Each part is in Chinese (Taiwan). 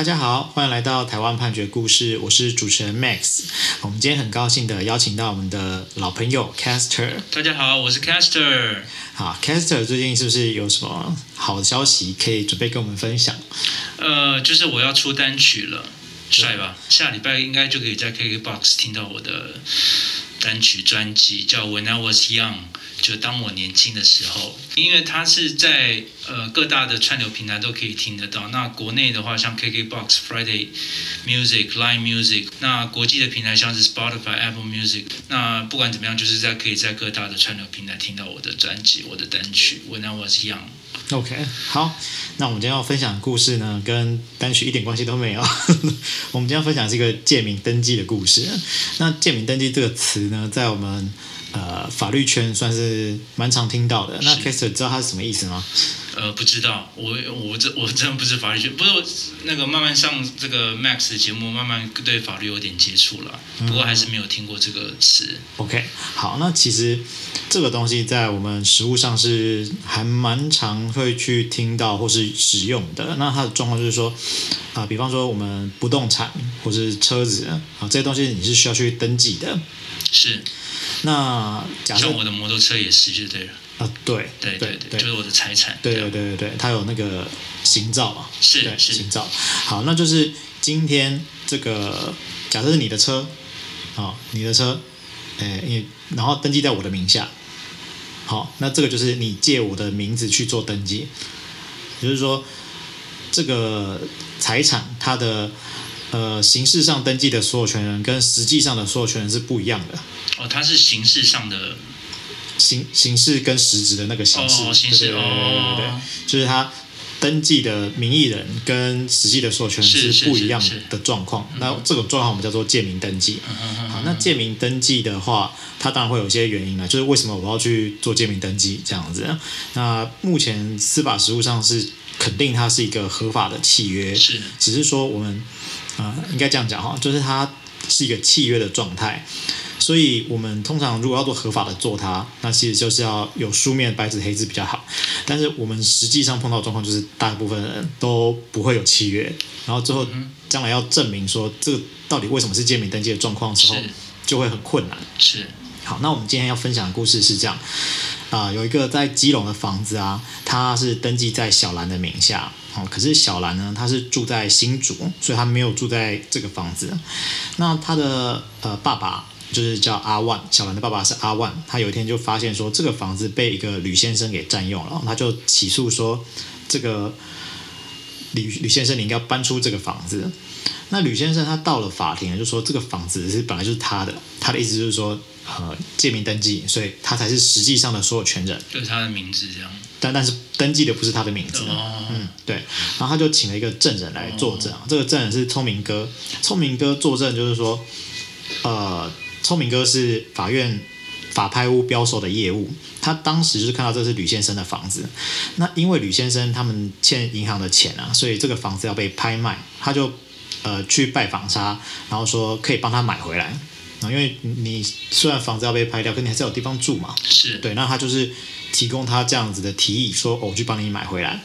大家好，歡迎來到台灣判決故事，我是主持人 Max。我們今天很高興的邀請到我們的老朋友 Caster。大家好，我是 Caster。好，Caster 最近是不是有什麼好的消息可以準備跟我們分享？呃，就是我要出單曲了，帥吧？是下禮拜應該就可以在 KKBOX 聽到我的單曲專輯，叫 When I Was Young。就當我年輕的時候，因為它是在呃各大的串流平台都可以聽得到。那國內的話，像 KKBOX、Friday Music、Line Music；那國際的平台像是 Spotify、Apple Music。那不管怎麼樣，就是在可以在各大的串流平台聽到我的專輯、我的單曲。When I was young。OK，好，那我們今天要分享的故事呢，跟單曲一點關係都沒有。 我們今天要分享是一個借名登記的故事。那借名登記這個詞呢，在我們，呃，法律圈算是蠻常聽到的。是那 Kester 知道他是什麼意思嗎？呃，不知道，我我這我真的不是法律學，不是那個慢慢上這個 Max 的節目，慢慢對法律有點接觸了，不過還是沒有聽過這個詞，嗯。OK，好，那其實這個東西在我們實務上是還蠻常會去聽到或是使用的。那它的狀況就是說，啊、呃，比方說我們不動產或是車子啊這些東西，你是需要去登記的。是，那假設我的摩托車也是就對了。啊，對對對對，對對對就是我的財產。對對對，他有那個行照嘛，是的，對，是行照。好，那就是今天這個假設是你的車，好，你的車，哎，你然後登記在我的名下。好，那這個就是你借我的名字去做登記，也就是說，這個財產它的呃形式上登記的所有權人跟實際上的所有權人是不一樣的。哦，它是形式上的。形形式跟實質的那個形式，哦、形式對，對對對對對，就是他登記的名義人跟實際的所有權是不一樣的狀況。那這種狀況我們叫做借名登記。嗯、好，那借名登記的話，它當然會有一些原因了，就是為什麼我要去做借名登記這樣子？那目前司法實務上是肯定它是一個合法的契約，是，只是說我們啊、呃，應該這樣講哈，就是它是一個契約的狀態。所以，我們通常如果要做合法的做它，那其實就是要有書面，白紙黑字比較好。但是，我們實際上碰到的狀況就是，大部分人都不會有契約，然後之後將來要證明說這個到底為什麼是借名登記的狀況的時候，是就會很困難。是，好，那我們今天要分享的故事是這樣：啊、呃，有一個在基隆的房子啊，它是登記在小蘭的名下，哦、可是小蘭呢，她是住在新竹，所以她沒有住在這個房子。那她的呃爸爸。就是叫阿萬，小蘭的爸爸是阿萬。他有一天就發現說，這個房子被一個呂先生給占用了，他就起訴說，這個呂呂先生你應該搬出這個房子。那呂先生他到了法庭就說，這個房子是本來就是他的，他的意思就是說，呃，借名登記，所以他才是實際上的所有權人，就是他的名字這樣。但但是登記的不是他的名字。哦、嗯，對。然後他就請了一個證人來作證，嗯、這個證人是聰明哥，聰明哥作證就是說，呃。聰明哥是法院法拍屋標售的業務，他當時就是看到這是呂先生的房子，那因為呂先生他們欠銀行的錢啊，所以這個房子要被拍賣，他就呃去拜訪他，然後說可以幫他買回來，嗯，因為你雖然房子要被拍掉，但你還是有地方住嘛，是對，那他就是提供他這樣子的提議，說，哦、我去幫你買回來，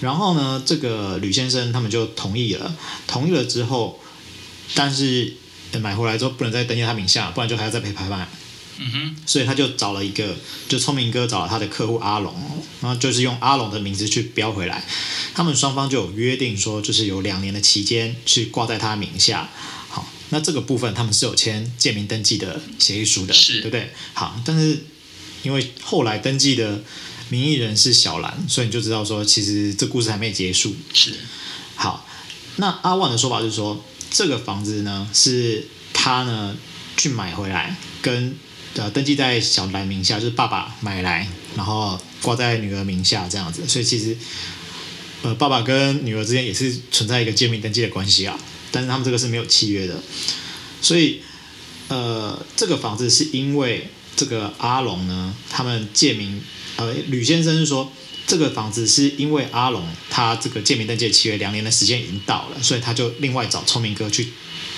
然後呢，這個呂先生他們就同意了，同意了之後，但是。買回來之後不能再登記他名下，不然就還要再賠拍賣。嗯哼，所以他就找了一個，就聰明哥找了他的客戶阿龍，然後就是用阿龍的名字去標回來。他們雙方就有約定說，就是有兩年的期間去掛在他名下。好，那這個部分他們是有簽借名登記的協議書的，是對不對？好，但是因為後來登記的名義人是小蘭，所以你就知道說，其實這故事還沒結束。是，好，那阿萬的說法就是說，這個房子呢是。他呢去買回來，跟呃登記在小蘭名下，就是爸爸買來，然後掛在女兒名下這樣子。所以其實呃爸爸跟女兒之間也是存在一個借名登記的關係啊。但是他們這個是沒有契約的。所以呃這個房子是因為這個阿龍呢，他們借名呃呂先生說這個房子是因為阿龍他這個借名登記的契約兩年的時間已經到了，所以他就另外找聰明哥去。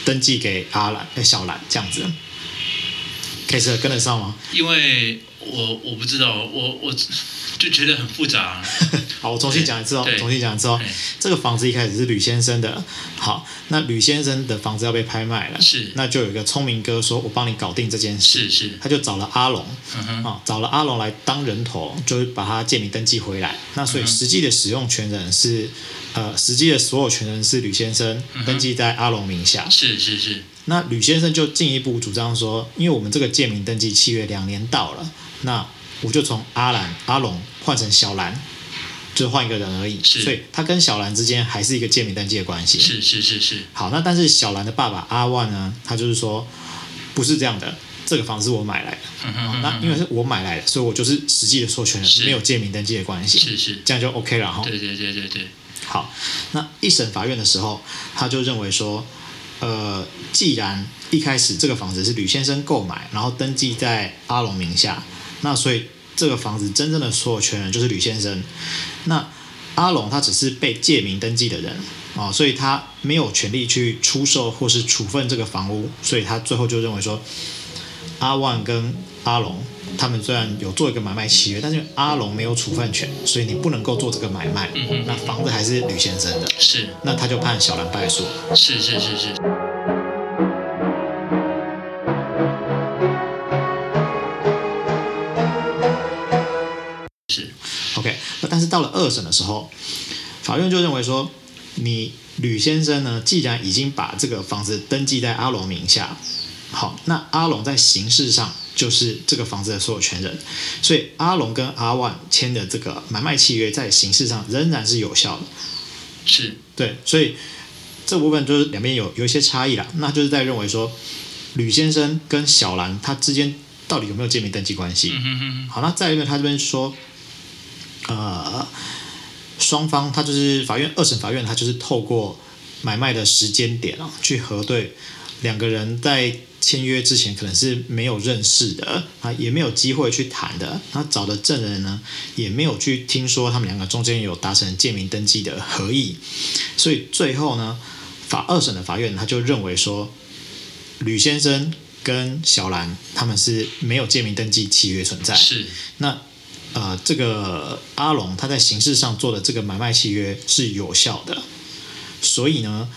登記給阿蘭，給小蘭這樣子。可以跟得上嗎？因為我我不知道，我我就覺得很複雜。 好，我重新講一次哦、喔，重新講一次哦、喔。對這個房子一開始是呂先生的，好，那呂先生的房子要被拍賣了，是，那就有一個聰明哥說，我幫你搞定這件事，是，是他就找了阿龍，嗯、哼啊，找了阿龍來當人頭，就是把他借名登記回來。那所以實際的使用權人是呃，實際的所有權人是呂先生，嗯、哼登記在阿龍名下，是是是。那呂先生就進一步主張說，因為我們這個借名登記契約兩年到了，那我就從阿蘭阿龍換成小蘭，就換一個人而已，是所以他跟小蘭之間還是一個借名登記的關係。是是是是。好，那但是小蘭的爸爸阿萬呢，他就是說不是這樣的，這個房子是我買來的，嗯哼嗯哼那因為是我買來的，所以我就是實際的授權人，是沒有借名登記的關係。是是，這樣就 OK 了哈。然後對,對對對對對。好，那一審法院的時候，他就認為說。呃，既然一開始這個房子是呂先生購買，然後登記在阿龍名下，那所以這個房子真正的所有權人就是呂先生。那阿龍他只是被借名登記的人啊、哦，所以他沒有權利去出售或是處分這個房屋，所以他最後就認為說，阿萬跟。阿龍他們雖然有做一個買賣契約，但是阿龍沒有處分權，所以你不能夠做這個買賣。嗯哼，那房子還是呂先生的。是。那他就判小蘭敗訴。是是是是。是。OK，那但是到了二審的時候，法院就認為說，你呂先生呢，既然已經把這個房子登記在阿龍名下。好，那阿龍在形式上就是這個房子的所有權人，所以阿龍跟阿萬簽的這個買賣契約在形式上仍然是有效的。是，對，所以這部分就是兩邊有有一些差異啦，那就是在認為說呂先生跟小蘭他之間到底有沒有借名登記關係。嗯嗯嗯。好，那再一個，他這邊說，呃，雙方他就是法院二審法院，他就是透過買賣的時間點啊、喔、去核對。兩個人在簽約之前可能是沒有認識的啊，也沒有機會去談的。他找的證人呢，也沒有去聽說他們兩個中間有達成借名登記的合意。所以最後呢，法二審的法院他就認為說，呂先生跟小蘭他們是沒有借名登記契約存在。是。那呃，這個阿龍他在形式上做的這個買賣契約是有效的。所以呢，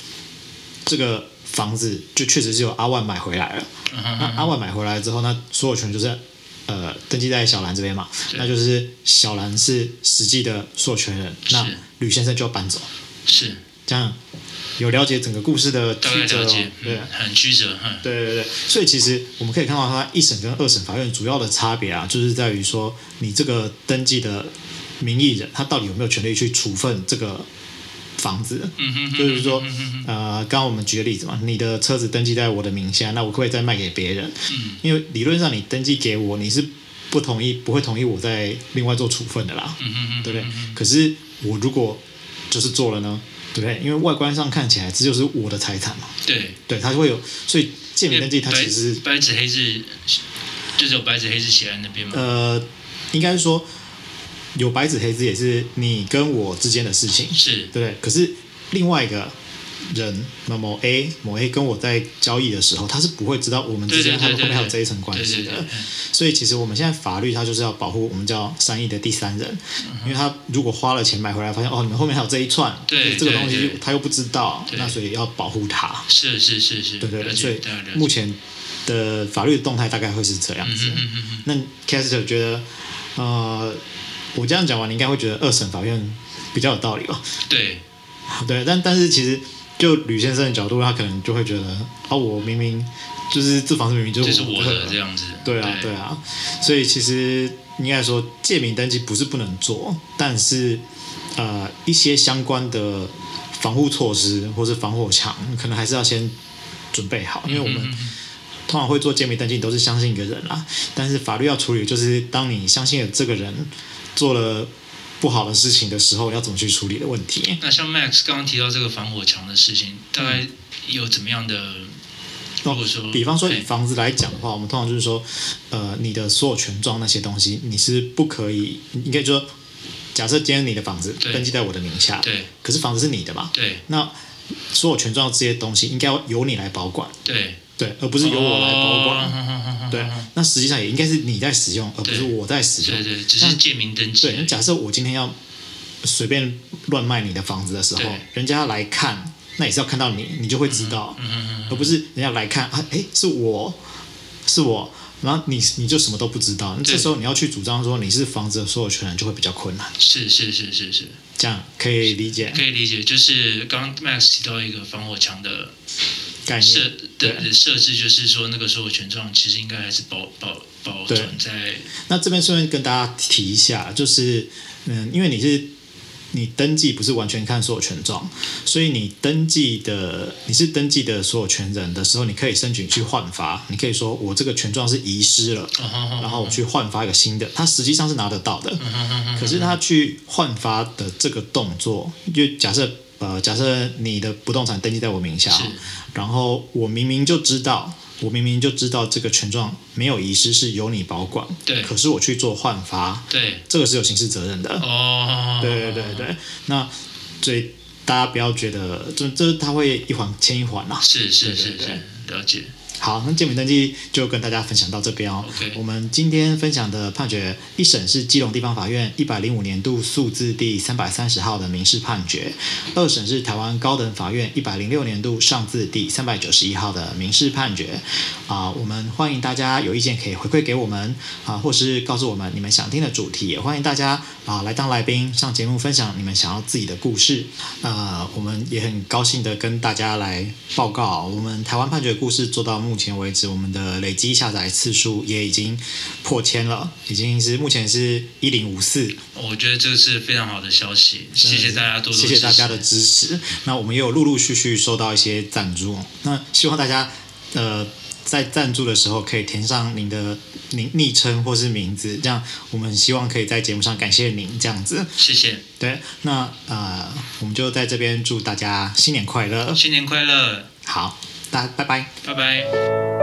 這個。房子就確實是由阿萬買回來了，嗯、哼哼，那阿萬買回來之後，那所有權就是呃登記在小蘭這邊嘛，對那就是小蘭是實際的所有權人，是那呂先生就要搬走。是這樣，有了解整個故事的曲折，哦，對、嗯，很曲折，嗯、對對對。所以其實我們可以看到，他一審跟二審法院主要的差別啊，就是在於說，你這個登記的名義人他到底有沒有權利去處分這個。房子，嗯、哼哼就是說、嗯哼哼呃，剛剛我們舉的例子嘛，你的車子登記在我的名下，那我可不可以再賣給別人？嗯、因為理論上你登記給我，你是不同意，不會同意我再另外做處分的啦，嗯、哼哼哼對不對？可是我如果就是做了呢，對不對？因為外觀上看起來這就是我的財產嘛。對，對，它就會有，所以借名登記它其實是白，白紙黑字，就是有白紙黑字寫在那邊嘛。呃，應該是說。有白紙黑字，也是你跟我之間的事情，是對不對？可是另外一個人，那麼 A 某 A 跟我在交易的時候，他是不會知道我們之間他後面還有這一層關係的。所以其實我們現在法律他就是要保護我們叫善意的第三人，因為他如果花了錢買回來，發現哦，你們後面還有這一串，對這個東西他又不知道，那所以要保護他。是是是是，對不對。所以目前的法律的動態大概會是這樣子。那 Castor 覺得，呃。我這樣講完，你應該會覺得二審法院比較有道理哦。對，對，但但是其實就呂先生的角度，他可能就會覺得啊、哦，我明明就是這房子明明就是我的這樣子，對啊，對啊，對，所以其實應該說借名登記不是不能做，但是呃，一些相關的防護措施或是防火牆，可能還是要先準備好，因為我們通常會做借名登記都是相信一個人啦，但是法律要處理就是當你相信了這個人。做了不好的事情的時候，要怎麼去處理的問題？那像 Max 剛剛提到這個防火牆的事情，大概有怎麼樣的？嗯、比方說，以房子來講的話，Okay. 我們通常就是說，呃，你的所有權狀那些東西，你是不，是不可以，你可以說，假設今天你的房子登記對在我的名下，對，可是房子是你的嘛，對，那所有權狀這些東西應該由你來保管，對。對，而不是由我來保管。對，那實際上也應該是你在使用，而不是我在使用。對對，只那是借名登記。對，假設我今天要隨便亂賣你的房子的時候，對人家來看，那也是要看到你，你就會知道，嗯嗯嗯嗯、而不是人家來看啊，哎、欸，是我，是我，然後你你就什麼都不知道。那對這時候你要去主張說你是房子的所有權人，就會比較困難。是是是是是，是是是這樣可以理解，可以理解。就是剛剛 Max 提到一個防火牆的。概念設的對設置就是說，那個所有權狀其實應該還是保保保存在。那這邊順便跟大家提一下，就是嗯，因為你是你登記不是完全看所有權狀，所以你登記的你是登記的所有權人的時候，你可以申請去換發。你可以說我這個權狀是遺失了，然後我去換發一個新的。它實際上是拿得到的，可是他去換發的這個動作，就假設。呃，假設你的不動產登記在我名下啊，是然後我明明就知道，我明明就知道這個權狀沒有遺失，是由你保管。對，可是我去做換發，對，這個是有刑事責任的。哦，對，對對對對，那所以大家不要覺得這這他會一環牽一環嘛。是是是是，了解。好，那借名登記就跟大家分享到這邊哦。Okay. 我們今天分享的判決，一審是基隆地方法院一百零五年度訴字第三百三十號的民事判決，二審是台灣高等法院一百零六年度上字第三百九十一號的民事判決。啊、呃，我們歡迎大家有意見可以回饋給我們，啊、呃，或是告訴我們你們想聽的主題，也歡迎大家啊、呃、來當來賓上節目分享你們想要自己的故事。啊、呃，我們也很高興的跟大家來報告，我們台灣判決故事做到目前。目前為止，我們的累計下載次數也已經破千了，已經是目前是一零五四。我覺得這是非常好的消息，嗯、謝謝大家多多，謝謝大家的支持。那我們也有陸陸續續收到一些贊助，那希望大家呃在贊助的時候可以填上您的名、昵稱或是名字，這樣我們希望可以在節目上感謝您這樣子。謝謝。對，那呃，我們就在這邊祝大家新年快樂，新年快樂。好。那拜拜，拜拜。